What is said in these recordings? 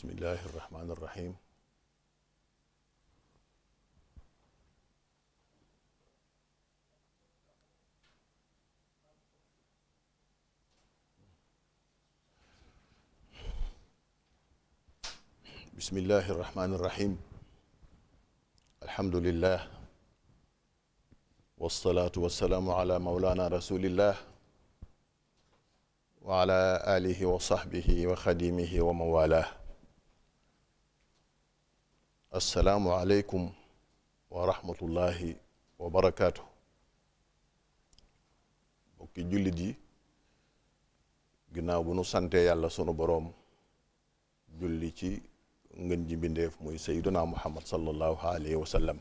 bismillahi irrahmani irrahim bismillahi irrahmani irrahim alhamdulillah walsalaatu walsalaamu ala maulana rasulillah wa ala alihi wa sahbihi wa xadimihi wa mawalah assalaamu aleykum wa rahmatullahi wa jullit yi ginnaaw bu nu sante yàlla sunu boroom julli ci ngën ji mbindeef muy sayyiduna muhammad sallallahu alayhi wa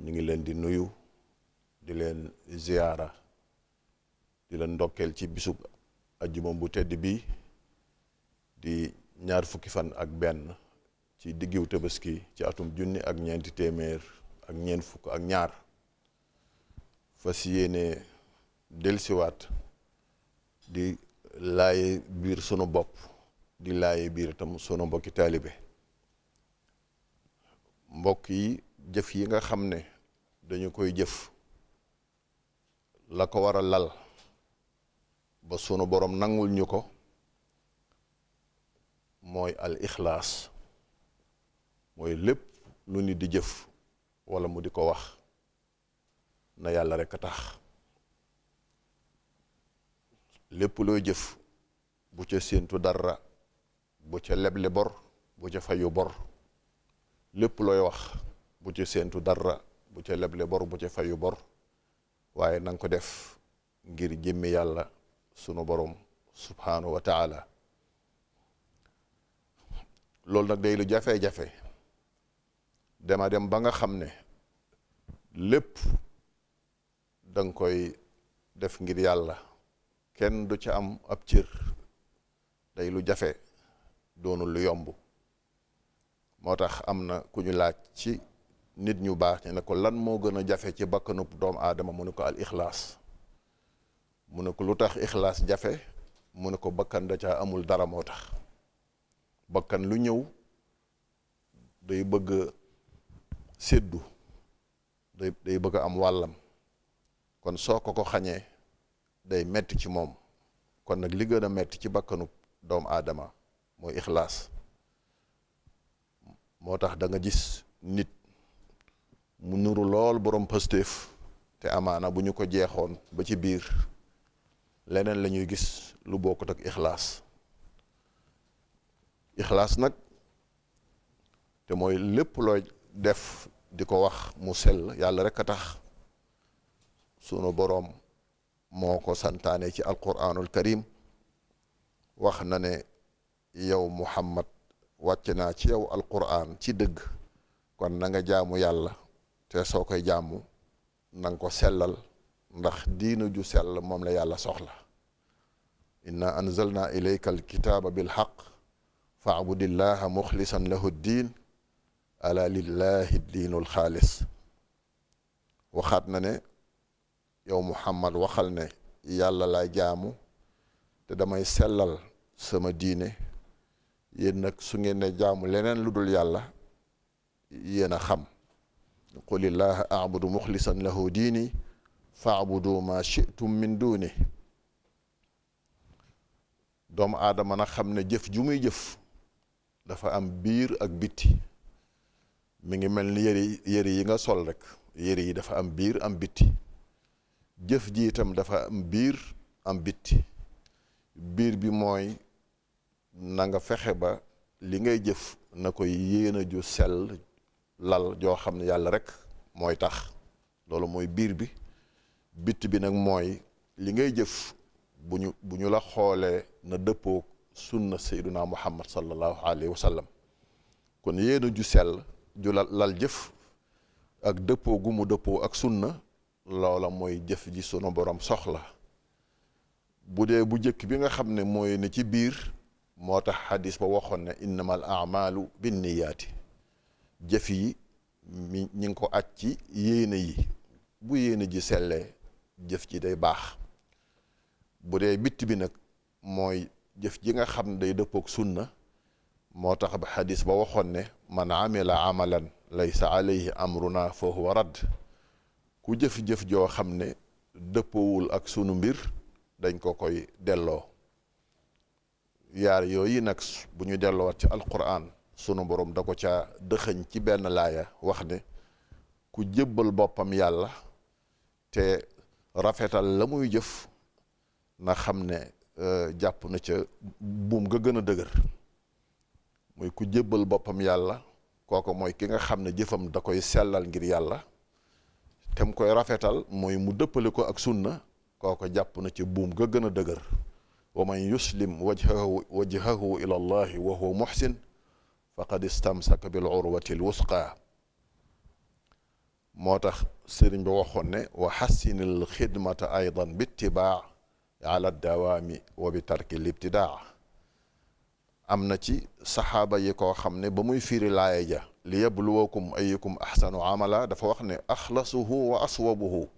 ñu ngi leen di nuyu di leen ziyaara di leen ndokkeel ci bisub ajjuma bu tedd bi di ñaar fukki fan ak benn ci diggiw tabaski ci atum junni ak ñeenti téeméer ak ñeent fukk ak ñaar fas yéene delsiwaat di laaye biir sunu bopp di laaye biir tam sunu mbokki taalibe mbokk yi jëf yi nga xam ne dañu koy jëf la ko war a lal ba sunu borom nangul ñu ko mooy al ixlaas mooy lépp lu nit di jëf walla mu di ko wax na yàlla rek a tax lépp looy jëf bu ca séentu dara bu ca leble bor bu ca fayu bor lépp looy wax bu ca séentu dara bu ca leble bor bu ca fayu bor waaye na ko def ngir jëmmi yàlla sunu boroom subhaanahu wa loolu nag day lu jafe-jafe dema dem ba nga xam ne lépp da nga koy def ngir yàlla kenn du ci am ab cër day lu jafe doonu lu yomb moo tax am na ku ñu laaj ci nit ñu baax ñi ne ko lan moo gën a jafe ci bakkanub doomu aadama mu ne ko al ixlaas mu ne ko lu tax ixlaas jafe mu ne ko bakkan da caa amul dara moo tax bakkan lu ñëw day bëgg séddu day day bëgg a am wàllam kon soo ko ko xañee day metti ci moom kon nag li gën a metti ci bakkanu doomu aadama mooy ixlaas moo tax danga gis nit mu nuru lool borom pëstéef te amaana bu ñu ko jeexoon ba ci biir leneen la ñuy gis lu bokkut ak ixlaas ixlaas nag te mooy lépp looy def di ko wax mu sel yàlla rek a tax sunu boroom moo ko santaane ci alquranul karim wax na ne yow muhammad wàcc naa ci yow alquran ci dëgg kon na nga jaamu yàlla te soo koy jaamu na ko sellal ndax diina ju sell moom la yàlla soxla inna anzalna ilayka alkitaaba bilxaq fa abudillaha muxlisan lahu ddiin ala lillahi diinul xaalis waxaat na ne yow muhammad waxal ne yàlla laa jaamu te damay sellal sama diine yéen nag su ngeen ne jaamu leneen lu dul yàlla yéen a xam qulillaha abudu muxlisan lahu diini faabudu ma shitum min duuni doomu aadama na xam ne jëf ju jëf dafa am biir ak bitti mi ngi mel ni yëri yëri yi nga sol rek yëri yi dafa am biir am bitti jëf ji itam dafa am biir am bitti biir bi mooy nanga fexe ba li ngay jëf na koy yéene ju sel lal joo xam ne yàlla rek mooy tax loolu mooy biir bi bitti bi nag mooy li ngay jëf bu ñu bu ñu la xoole na dëppoo sunna sayyiduna muhammad sallallahu alayhi wa sallam kon yéene ju sell ju lal lal jëf ak dëppoo gu mu dëppoo ak sun na loola mooy jëf ji sunu borom soxla bu dee bu jëkk bi nga xam ne mooy ne ci biir moo tax xadis ba waxoon ne innamal amalu binniyaati jëf yi mi ñi ngi ko aj ci yéene yi bu yéene ji sellee jëf ji day baax bu dee bitt bi nag mooy jëf ji nga xam ne day dëppook sun na moo tax ba xadis ba waxoon ne man amila amalan laysa alayhi amruna fa huwa radd ku jëf-jëf joo xam ne dëppoowul ak sunu mbir dañ ko koy delloo yaar yooyu nag bu ñu delloowaat ci alquran sunu boroom da ko ca dëxëñ ci benn laaya wax ne ku jébbal boppam yàlla te rafetal la muy jëf na xam ne euh, jàpp na ca buum ga gën a dëgër muy ku jébbal boppam yàlla kooku mooy ki nga xam ne jëfam da koy sellal ngir yàlla te koy rafetal mooy mu dëppale ko ak sunna kooko jàpp na ci buum ga gën a dëgër wa man yuslim wajhahu wajhahu ila wa huwa muhsin faqad istamsaka bil urwati l wusqa moo tax sëriñ bi waxoon ne wa xassinil xidmata aydan bi ittibaa ala dawaami wa tarki l am na ci saxaaba yi koo xam ne ba muy firi laaya ja li lu yabluwakum ayukum ahsanu amala dafa wax ne axlasuhu wa aswabuhu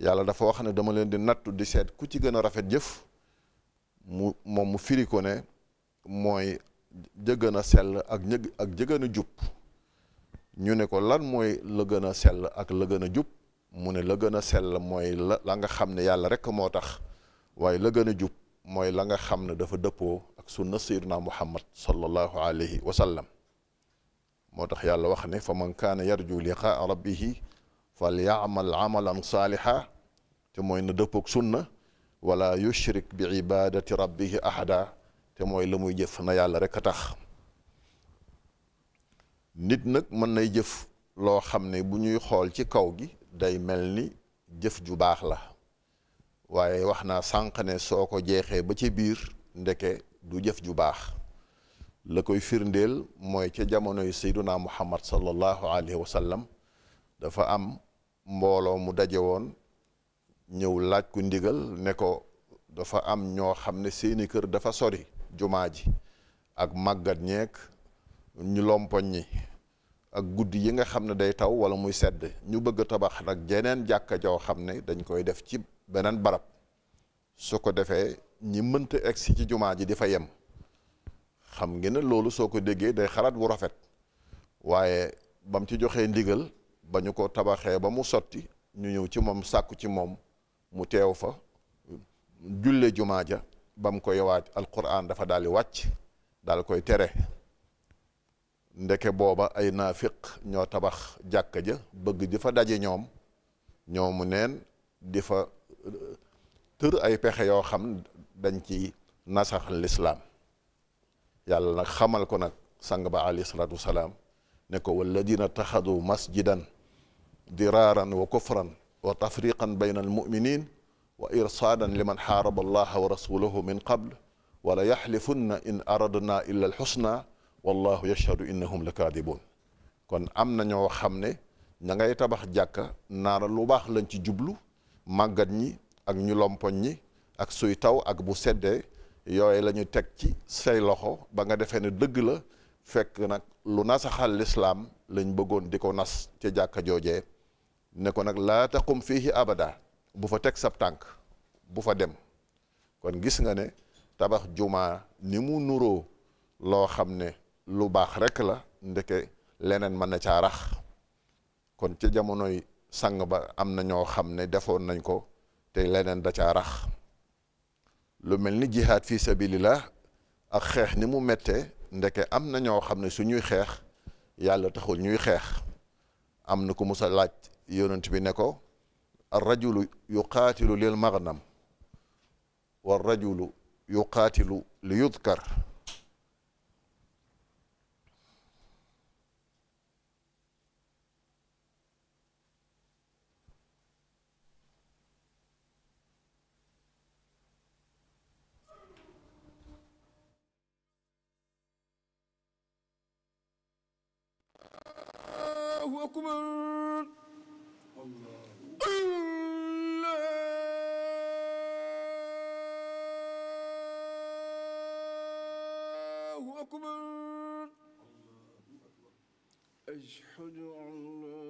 yàlla dafa wax ne dama leen di nattu di seet ku ci gën a rafet jëf mu moom mu firi ko ne mooy jëgën a sell ak ñëg ak jëgën a ñu ne ko lan mooy la gën a sell ak la gën a jub mu ne la gën a sell mooy la la nga xam ne yàlla rek moo tax waaye la gën a jub mooy la nga xam ne dafa dëppoo sunna sayyidina muhammad sallallahu alayhi wa moo tax yàlla wax ne fa man kaana yarju liqaa rabbihi fal yaamal amalan saaliha te mooy na dëppoog sunna wala yushrik bi ibadati rabbihi ahada te mooy la muy jëf na yàlla rek a tax nit nag mën nay jëf loo xam ne bu ñuy xool ci kaw gi day mel ni jëf ju baax la waaye wax naa sànq ne soo ko jeexee ba ci biir ndeke du jëf ju baax la koy firndeel mooy ca jamonoy sayduna muhammad sallallahu alayhi wa sallam dafa am mbooloo mu daje woon ñëw laaj ku ndigal ne ko dafa am ñoo xam ne seeni kër dafa sori jumaa ji ak màggat ñeek ñu lompoñ ñi ak guddi yi nga xam ne day taw wala muy sedd ñu bëgg a tabax nag jeneen jàkka joo xam ne dañ koy def ci beneen barab su ko defee ñi mënta egsi ci jumaa ji di fa yem xam ngeen ne loolu soo ko déggee day xalaat bu rafet waaye bam ci joxee ndigal ba ñu ko tabaxee ba mu sotti ñu ñëw ci moom sàkku ci moom mu teew fa julle jumaa ja ba mu koy waaj alquran dafa daal di wàcc daal koy tere ndeke booba ay naafiq ñoo tabax jàkka ja bëgg di fa daje ñoom ñoomu neen di fa tër ay pexe yoo xam dañ ci nasax lislaam yàlla nag xamal ko nag sang ba alayhi salaatu wasalaam ne ko walladina taxadu masjidan diraaran wa kufran wa tafriqan bayna almuminin wa irsaadan liman xaaraba allaha wa rasulahu min qabl wala yaxlifunna in aradna illa alxusna wallahu yashhadu kon am na xam ne ña ngay tabax jàkka naara lu baax lañ ci jublu màggat ñi ak ñu lompoñ ñi ak suy taw ak bu seddee yooyu lañu teg ci say loxo ba nga defee ne dëgg la fekk nag lu nasaxal lislaam lañ bëggoon di ko nas ca jàkka joojee ne ko nag laa fii fiihi abada bu fa teg sab tànk bu fa dem kon gis nga ne tabax jumaa ni mu nuroo loo xam ne lu baax rekk la ndeke leneen mën na caa rax kon ca jamonoy sang ba am na ñoo xam ne defoon nañ ko te leneen da caa rax lu mel ni jihaad fi sabilillah ak xeex ni mu méttee ndeke am na ñoo xam ne suñuy xeex yàlla taxul ñuy xeex am na ku musa laaj yonent bi ne ko ar rajulu yuqaatilu lil maghnam war rajulu yuqaatilu li yudkar الله أكبر الله الله أكبر أشهد أن لا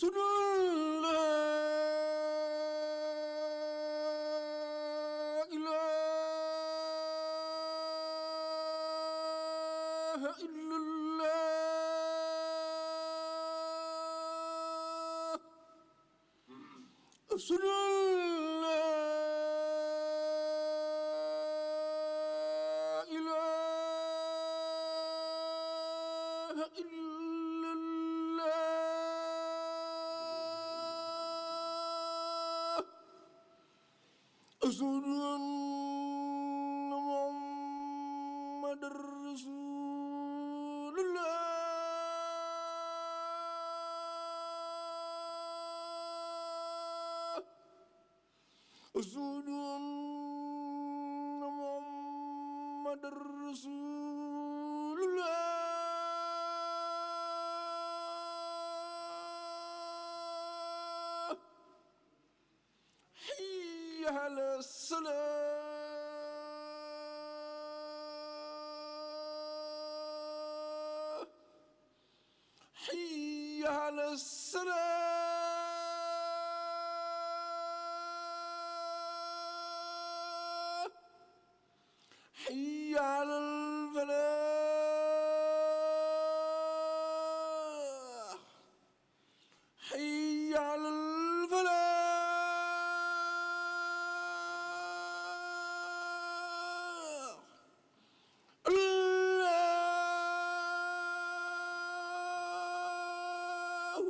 sunul إلا رسل السلام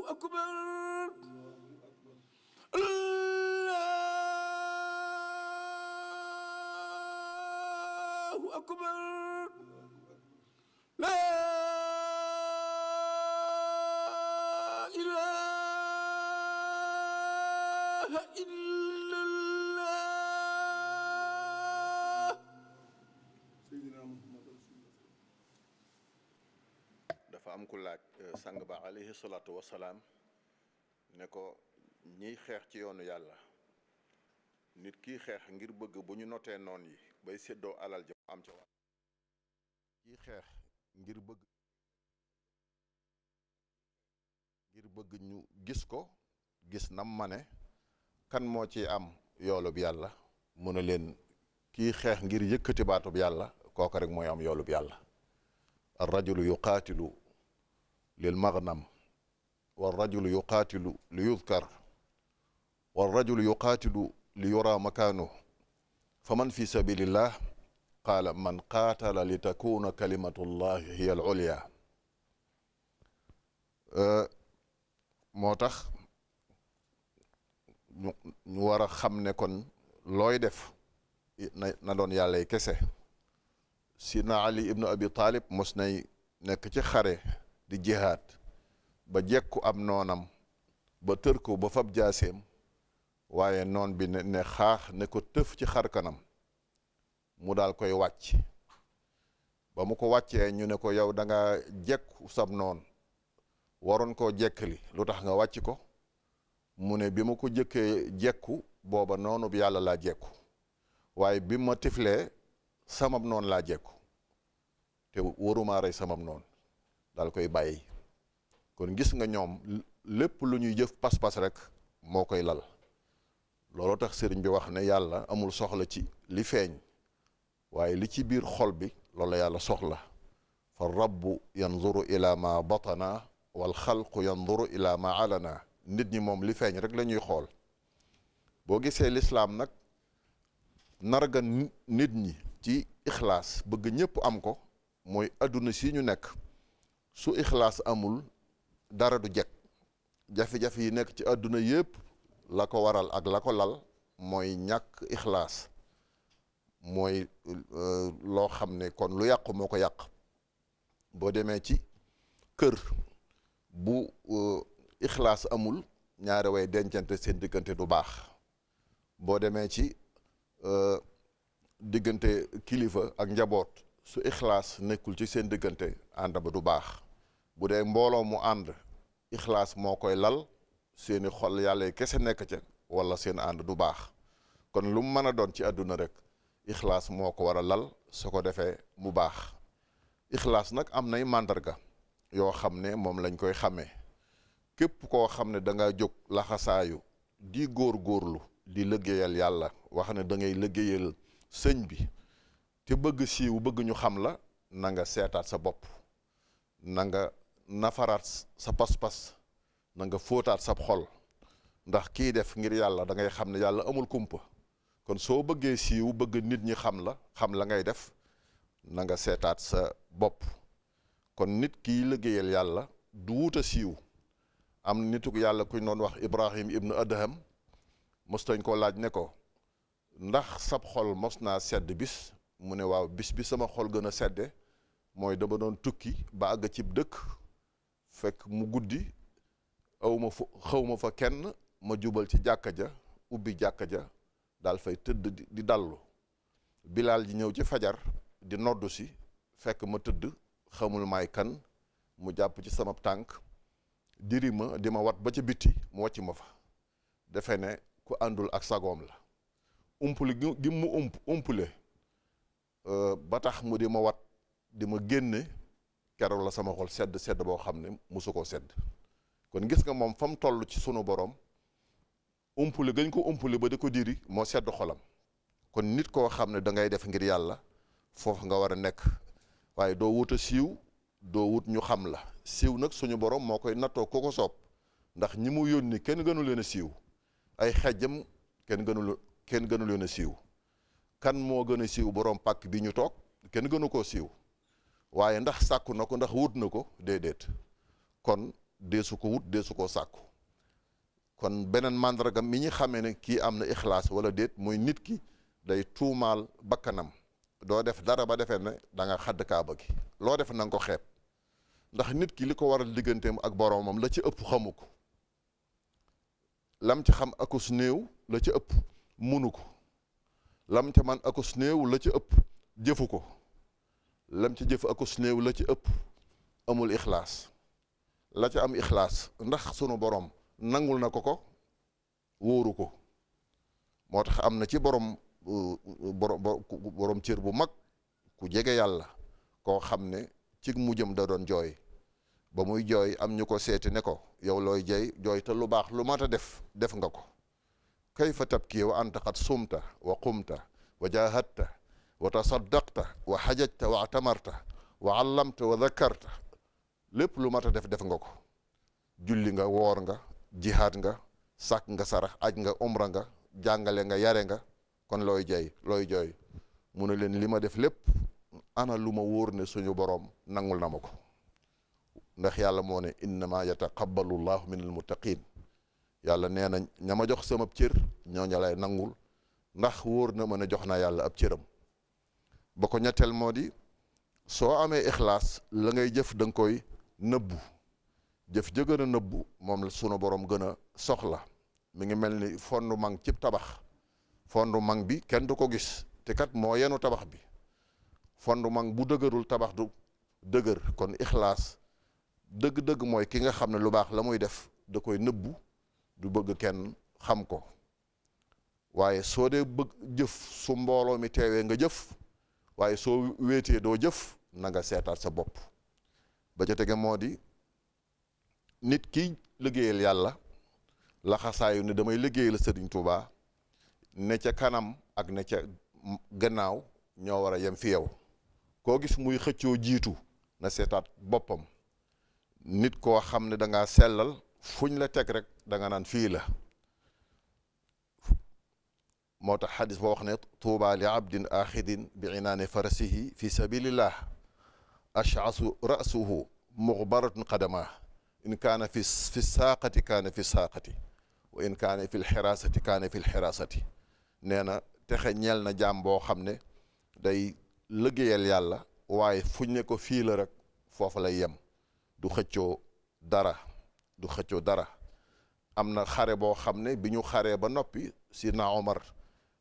أكبر الله أكبر لا إله إلا الله سيدنا محمد رسول الله dafa am ku laaj sang ba alayhi salaatu wasalaam ne ko ñiy xeex ci yoonu yàlla nit ki xeex ngir bëgg bu ñu notee noon yi bay séddoo alal ja am ca wàll kiy xeex ngir bëgg ngir bëgg ñu gis ko gis nam mane kan moo ci am yoolub yàlla mu ne leen kii xeex ngir yëkkati baatub yàlla kooka rek mooy am yoolub yàlla ar rajulu yuqaatilu lil maghnam walrajulu yuqaatilu li yudkar walrajulu yuqaatilu li yura makaanu fa man fi sabilillah qaala man qaatala li takuna kalimatullahi hiya al ulya moo tax ñu ñu war a xam ne kon looy def na na doon yàllay kese sidna ali ibnu abi taalib mos nay nekk ci xare di jihaad ba jekku am noonam ba tër ko ba fab jaaseem waaye noon bi ne xaax ne ko tëf ci xarkanam mu daal koy wàcc ba mu ko wàccee ñu ne ko yow danga nga jekku sab noon waroon koo jekkali lu tax nga wàcc ko mu ne bi mu ko jëkkee jekku booba noonu bi yàlla laa jekku waaye bi ma tiflee samab noon laa jekku te waruma rey samab noon daal koy bàyyi kon gis nga ñoom lépp lu ñuy jëf pas-pas rek moo koy lal looloo tax sëriñ bi wax ne yàlla amul soxla ci li feeñ waaye li ci biir xol bi loolu la yàlla soxla fa rabbu yanzuru ila ma batana wal xalqu yanzuru ila ma alana nit ñi moom li feeñ rek lañuy xool boo gisee lislaam nag narga nit ñi ci ixlaas bëgg ñépp am ko mooy adduna si ñu nekk su ixlaas amul dara du jekk jafe-jafe yi nekk ci àdduna yëpp la ko waral ak la ko lal mooy ñàkk ixlaas mooy euh, loo xam ne kon lu yàqu moo ko yàq boo demee ci kër bu euh, ixlaas amul ñaari way dencante seen diggante du baax boo demee ci euh, diggante kilifa ak njaboot su ixlaas nekkul ci seen diggante ànd ba du baax bu dee mbooloo mu ànd ixlaas moo koy lal seeni xol yàlla kese nekk ca wala seen ànd du baax kon lu mu mën a doon ci àdduna rek ixlaas moo ko war a lal su ko defee mu baax ixlaas nag am nay màndarga yoo xam ne moom lañ koy xamee képp koo xam ne da nga jóg laxasaayu di góor góorlu di liggéeyal yàlla wax ne da liggéeyal sëñ bi te bëgg siiw bëgg ñu xam la nanga nga seetaat sa bopp na nafaraat sa pas-pas na nga fóotaat sab xol ndax kii def ngir yàlla dangay xam ne yàlla amul kumpa kon soo bëggee siiw bëgg nit ñi xam la xam la ngay def na nga seetaat sa bopp kon nit kiy liggéeyal yàlla du wut siiw am nituk yàlla kuñ doon wax Ibrahim ibnu Adham mos tañ koo laaj ne ko ndax sab xol mos naa sedd bis mu ne waaw bis bi sama xol gën a sedde mooy dama doon tukki ba àgg cib dëkk fekk mu guddi awma fu xawma fa kenn ma jubal ci jàkka ja ubbi jàkka ja daal fay tëdd di dallu bilaal ji ñëw ci fajar di noddu si fekk ma tëdd xamul may kan mu jàpp ci sama tànk diri ma di ma wat ba ci bitti mu wàcc ma fa defe ne ku àndul ak sagoom la umpule gi mu ump umpule euh, ba tax mu di ma wat di ma génne keroog la sama xol sedd sedd boo xam ne mosu koo sedd kon gis nga moom fa mu toll ci suñu borom umpule gañ ko umpule ba di ko diri moo sedd xolam kon nit koo xam ne da ngay def ngir yàlla foofu nga war a nekk waaye doo wut a siiw doo wut ñu xam la siiw nag suñu borom moo koy nattoo ku ko soob ndax ñi mu yónni kenn gënu leen a siiw ay xejjam kenn gënu kenn gënu leen a siiw kan moo gën a siiw borom pàkk bi ñu toog kenn gënu koo siiw waaye ndax sàkku na ko ndax wut na ko déedéet kon deesu ko wut deesu ko sàkku kon beneen màndargam mi ñu xamee ne kii am na ixlaas wala déet mooy nit ki day tuumaal bakkanam doo def dara ba defee ne da nga xadd kaaba ki loo def na ko xeeb ndax nit ki li ko waral digganteem ak boroomam la ci ëpp xamu ko lam ci xam akus néew la ci ëpp munu ko lam ca man akus néew la ci ëpp jëfu ko lam ci jëf akus néew la ci ëpp amul ixlaas la ci am ixlaas ndax sunu borom nangul na ko ko wóoru ko moo tax am na ci boroom borom borom bu mag ku jege yàlla koo xam ne mu jëm da doon jooy ba muy jooy am ñu ko seeti ne ko yow looy jey jooy te lu baax lu mat a def def nga ko kayfa tabki wa anta qad sumta wa qumta wa jahadta wa tasaddaqta wa xajajta wa atamarta wa allamta wa dakarta lépp lu mat a def def nga ko julli nga woor nga jihaad nga sàkk nga sarax aj nga umra nga jàngale nga yare nga kon looy jooy looy jooy mu ne leen li ma def lépp ana lu ma wóor ne suñu boroom nangul na ma ko ndax yàlla moo ne innama yataqabbalu llahu min almuttaqin yàlla nee na ña ma jox sama cër ñooñu lay nangul ndax wóor na ma ne jox naa yàlla ab cëram ba ko ñetteel moo di soo amee ixlaas la ngay jëf danga koy nëbbu jëf ja a nëbbu moom la sunu borom gën a soxla mi ngi mel ni fondu mang cib tabax fondu mang bi kenn du ko gis te kat moo yenu tabax bi fondu mang bu dëgërul tabax du dëgër kon ixlaas dëgg-dëgg mooy ki nga xam ne lu baax la muy def da koy nëbbu du bëgg kenn xam ko waaye soo dee bëgg jëf su mbooloo mi teewee nga jëf waaye soo wéetee doo jëf na nga seetaat sa bopp ba ca tege moo di nit ki liggéeyal yàlla laxasaayu ne damay liggéeyal sëriñ Tuubaa ne ca kanam ak ne ca gannaaw ñoo war a yem fi yow koo gis muy xëccoo jiitu na seetaat boppam nit koo xam ne da ngaa sellal fuñ la teg rek danga naan fii la moo tax xadis boo wax ne tuuba li abdin axidin bi inaane farasihi fi sabilillah ashaasu rasuhu muxbaratun qadama in kaana fi saaqati kaana fi saaqati wa in kaana fi lxiraasati kaana fi lxiraasati nee na texe ñeel na jaam boo xam ne day liggéeyal yàlla waaye fuñ ne ko fii rek foofu lay yem du xëccoo dara du xëccoo dara am na xare boo xam ne bi ñu xaree ba noppi sidna Omar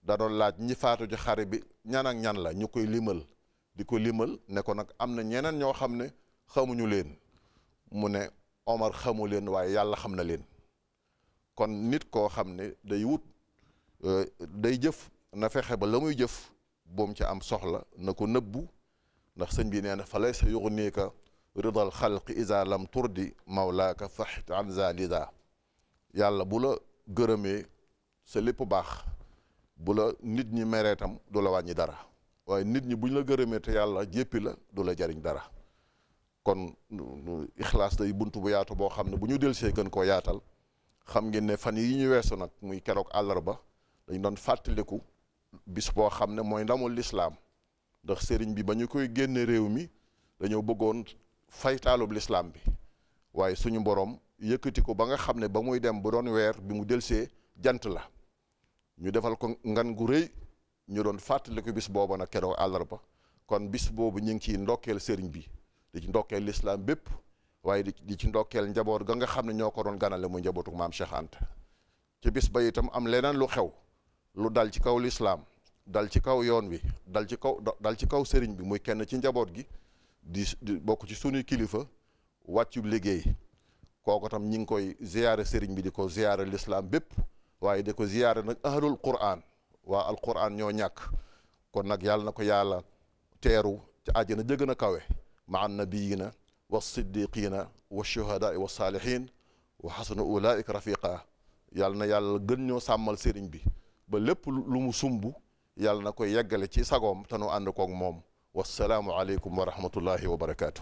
da laaj ñi faatu ci xare bi ñan ñan la ñu koy limal di ko limal ne ko nag am na ñeneen ñoo xam ne xamuñu leen mu ne Omar xamu leen waaye yàlla xam na leen kon nit koo xam ne day wut euh, day jëf na fexe ba la muy jëf boom ci am soxla na ko nëbbu ndax sëñ bi nee na fa laysa yuxniika ridal xalqi isa lam turdi mawlaaka faxit an zalida yàlla bu la gërëmee sa lépp baax bu la nit ñi meree tam du la wàññi dara waaye nit ñi buñ la gërëmee te yàlla jéppi la du la jariñ dara kon ixlaas day bunt bu yaatu boo xam ne bu ñu delsee gën koo yaatal xam ngeen ne fan yi ñu weesu nag muy keroog àllarba dañ doon fàttaliku bis boo xam ne mooy ndamu lislaam ndax sëriñ bi ba ñu koy génne réew mi dañoo bëggoon faytaalub lislaam bi waaye suñu boroom yëkkati ko ba nga xam ne ba muy dem bu doon weer bi mu delsee jant la ñu defal ko ngan gu rëy ñu doon fàttaliku bis booba nag keroog àllarba kon bis boobu ñu ngi ciy ndokkeel sëriñ bi di ci ndokkeel lislaam bépp waaye di ci ndokkeel njaboot ga nga xam ne ñoo ko doon ganale mu njabootu maam Cheikh ci bis ba itam am leneen lu xew lu dal ci kaw lislaam dal ci kaw yoon wi dal ci kaw ci kaw sëriñ bi muy kenn ci njaboot gi di bokk ci sunuy kilifa wàccu liggéey kooku tam ñi ngi koy ziyaare sëriñ bi di ko ziyaare lislaam bépp waaye di ko ziyaare nag ahlul quraan waa alquran ñoo ñàkk kon nag yàlla na ko yàlla teeru ci àjjana jë gën a kawe ma annabiyina wa siddiqina wa shuhadaai wa saalihin wa xasana ulaika rafiqa yàlla na yàlla gën ñoo sàmmal sëriñ bi ba lépp lu mu sumb yàlla na ko yeggale ci sagoom te nu ànd koog moom wasalaamu aleykum wa rahmatullahi wa barakaatu.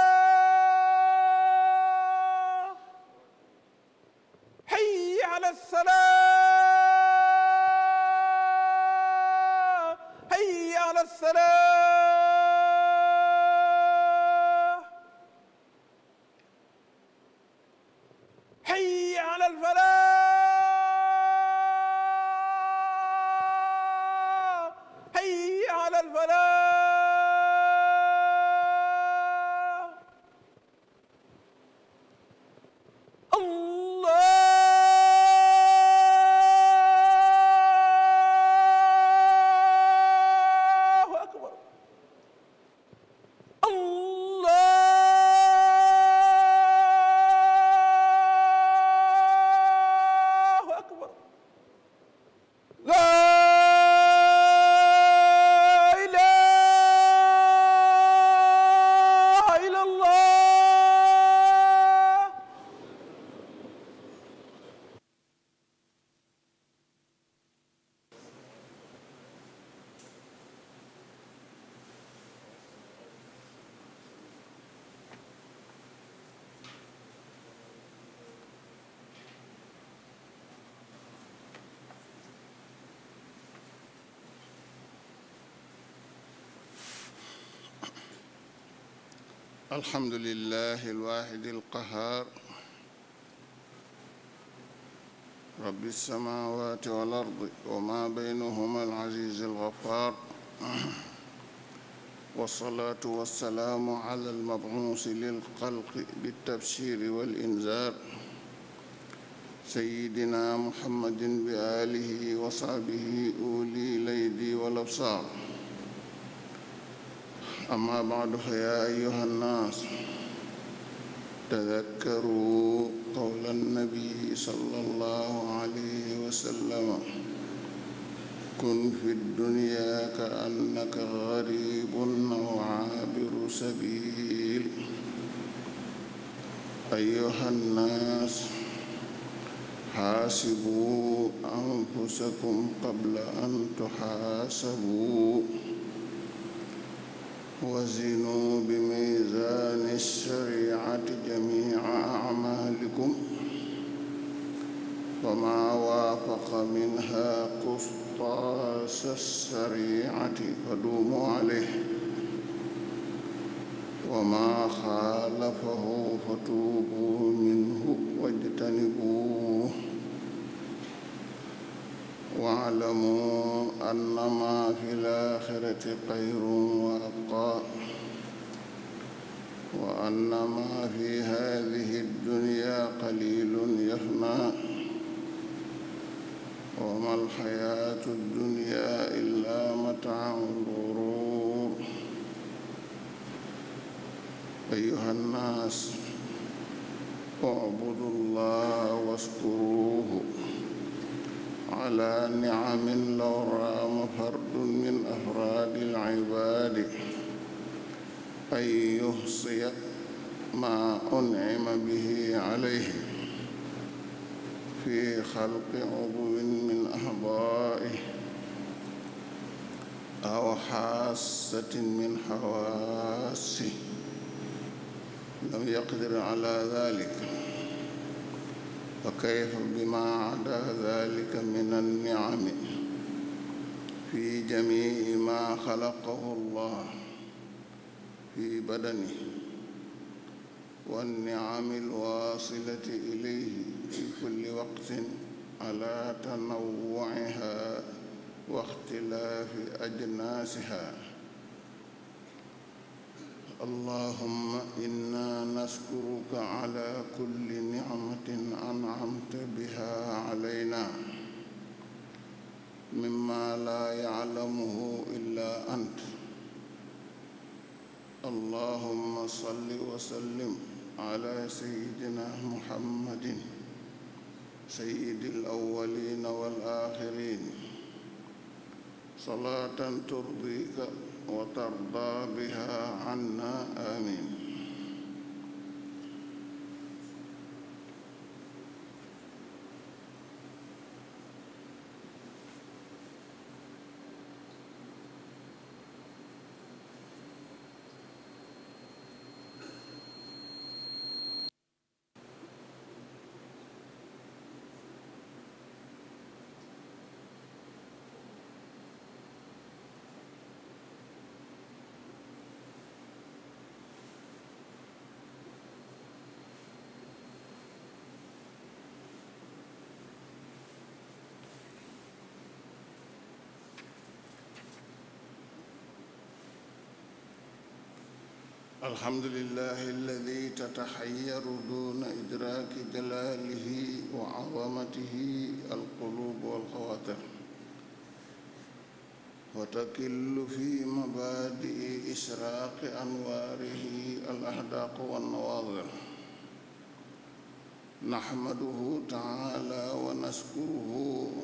الحمد لله الواحد القهار رب السماوات والأرض وما بينهما العزيز الغفار والصلاة والسلام على المبعوث للخلق بالتبشير والإنذار سيدنا محمد بآله وصحبه أولي الأيدي والأبصار أما بعد فيا أيها الناس تذكروا قول النبي صلى الله عليه وسلم كن في الدنيا كأنك غريب أو عابر سبيل أيها الناس حاسبوا أنفسكم قبل أن تحاسبوا wazinuu bi miizaani shariati jamiica acmaalikum wa maa waafaqa minhaa qustaasa shariati faduumuu calayhi wa maa xaalafahu fatuubuu minhu wajtanibuuhu واعلموا أن ما في الآخرة خير وأبقى وأن ما في هذه الدنيا قليل يفنى وما الحياة الدنيا إلا متاع الغرور أيها الناس اعبدوا الله واشكروه على نعم لو رام فرد من أفراد العباد أن يحصي ما أنعم به عليه في خلق عضو من أعضائه أو حاسة من حواسه لم يقدر على ذلك fa kayfa bima ada dalika min anniami fi jamii ma xalaqahu allah fi badani wanniami alwasilati ilayhi fi kulli waqtin ala tanawwuiha wa ixtilaafi ajnaasiha اللهم إنا نشكرك على كل نعمة أنعمت بها علينا مما لا يعلمه إلا أنت اللهم صل وسلم على سيدنا محمد سيد الأولين والآخرين صلاة ترضيك وترضى بها عنا آمين الحمد لله الذي تتحير دون إدراك جلاله وعظمته القلوب والخواطر وتكل في مبادئ إشراق أنواره الأحداق والنواظر نحمده تعالى ونشكره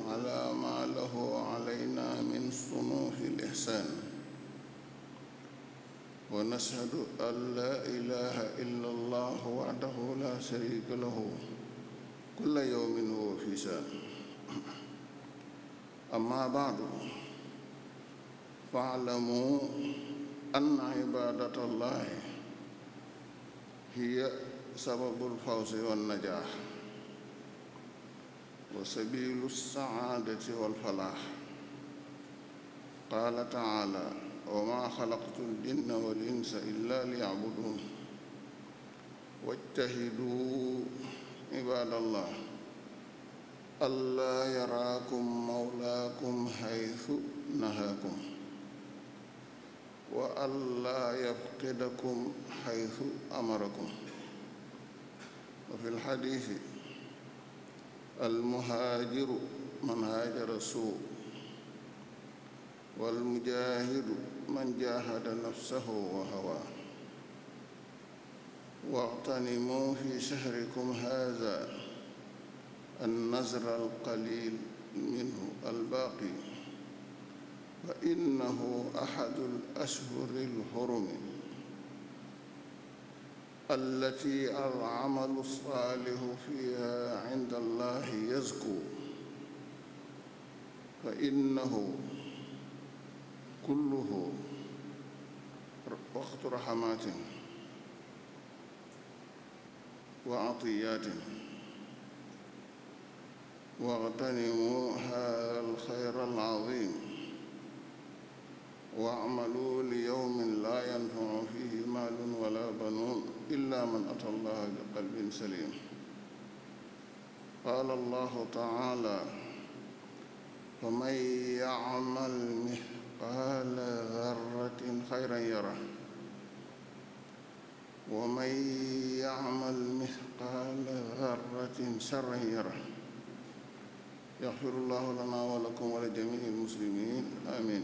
على ما له علينا من صنوف الإحسان ونشهد أن لا إله إلا الله وحده لا شريك له كل يوم هو في شأن أما بعد فاعلموا أن عبادة الله هي سبب الفوز والنجاح وسبيل السعادة والفلاح قال تعالى wa maa xalaqtu ljinna wal insa illa liyacbuduun wajtahiduu cibaadallah allaa yaraakum mawlaakum haysu nahaakum wa allaa yafqidakum haysu amarakum wa fi lxadiisi almuhaajiru man haajara suu walmujaahidu من جاهد نفسه وهواه واغتنموا في شهركم هذا النزر القليل منه الباقي فإنه أحد الأشهر الحرم التي العمل الصالح فيها عند الله يزكو فإنه kulluhu waxtu raxamaatin wa atiyaatin wagtanimu alxayra alaziim waamalu liyowmin laa yanfacu fihi maalun wala banuun illa man ata allaha biqalbin saliim qaala allahu tacaala faman yacmal مثقال ذرة خيرا يره ومن يعمل مثقال ذرة شرا يره يغفر الله لنا ولكم ولجميع المسلمين آمين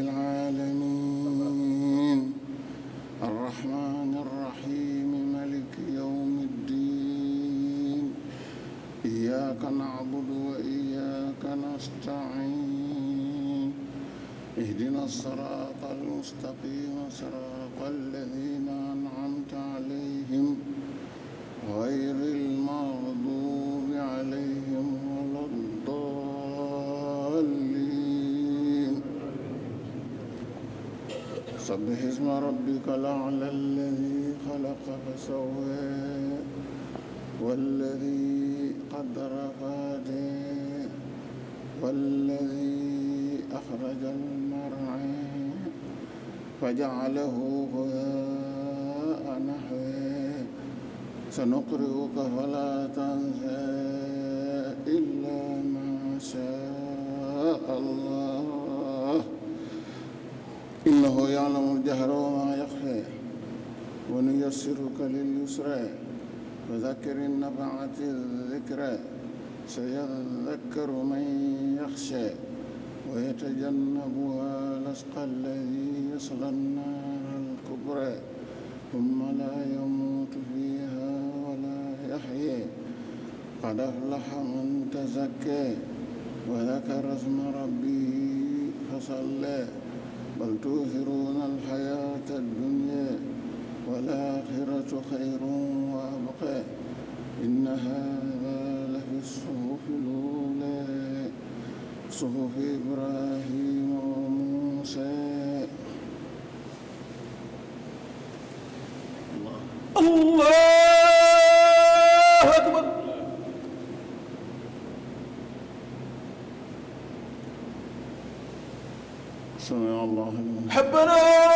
العالمين الرحمن الرحيم ملك يوم الدين إياك نعبد وإياك نستعين اهدنا الصراط المستقيم صراط الذين سبح اسم ربك الأعلى الذي خلق فسوى والذي قدر فهدى والذي أخرج المرعى فجعله غياء نحوه سنقرئك فلا تنسى إلا ما شاء الله وهو يعلم الجهر وما يخفي ونيسرك لليسرى فذكر النفعة الذكرى سيذكر من يخشى ويتجنبها الأشقى الذي يصلى النار الكبرى ثم لا يموت فيها ولا يحيى قد أفلح من تزكى وذكر اسم ربه فصلى بل تؤثرون الحياة الدنيا والآخرة خير وأبقى إن هذا لفي الصحف الأولى صحف إبراهيم وموسى الله allahu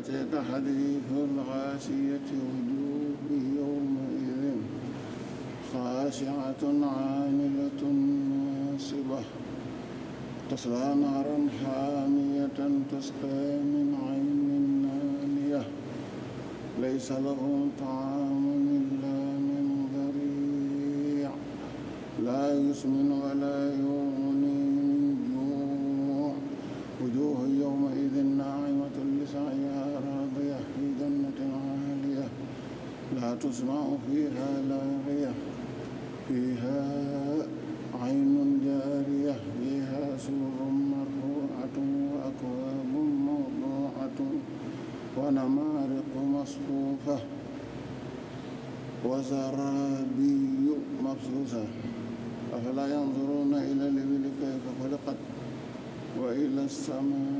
وجهة حديث الغاشية وجوه يومئذ خاشعة عاملة ناصبة تصلى نارا حامية تسقى من عين نانية ليس لهم طعام إلا من ضريع لا يسمن ولا يغني من جوع وجوه يومئذ ناعمة لسعيها لا تسمع فيها لاغية فيها عين جارية فيها سور مرفوعة وأكواب موضوعة ونمارق مصفوفة وزرابي مبثوثة أفلا ينظرون إلى الإبل كيف خلقت وإلى السماء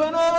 ربنا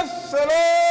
السلام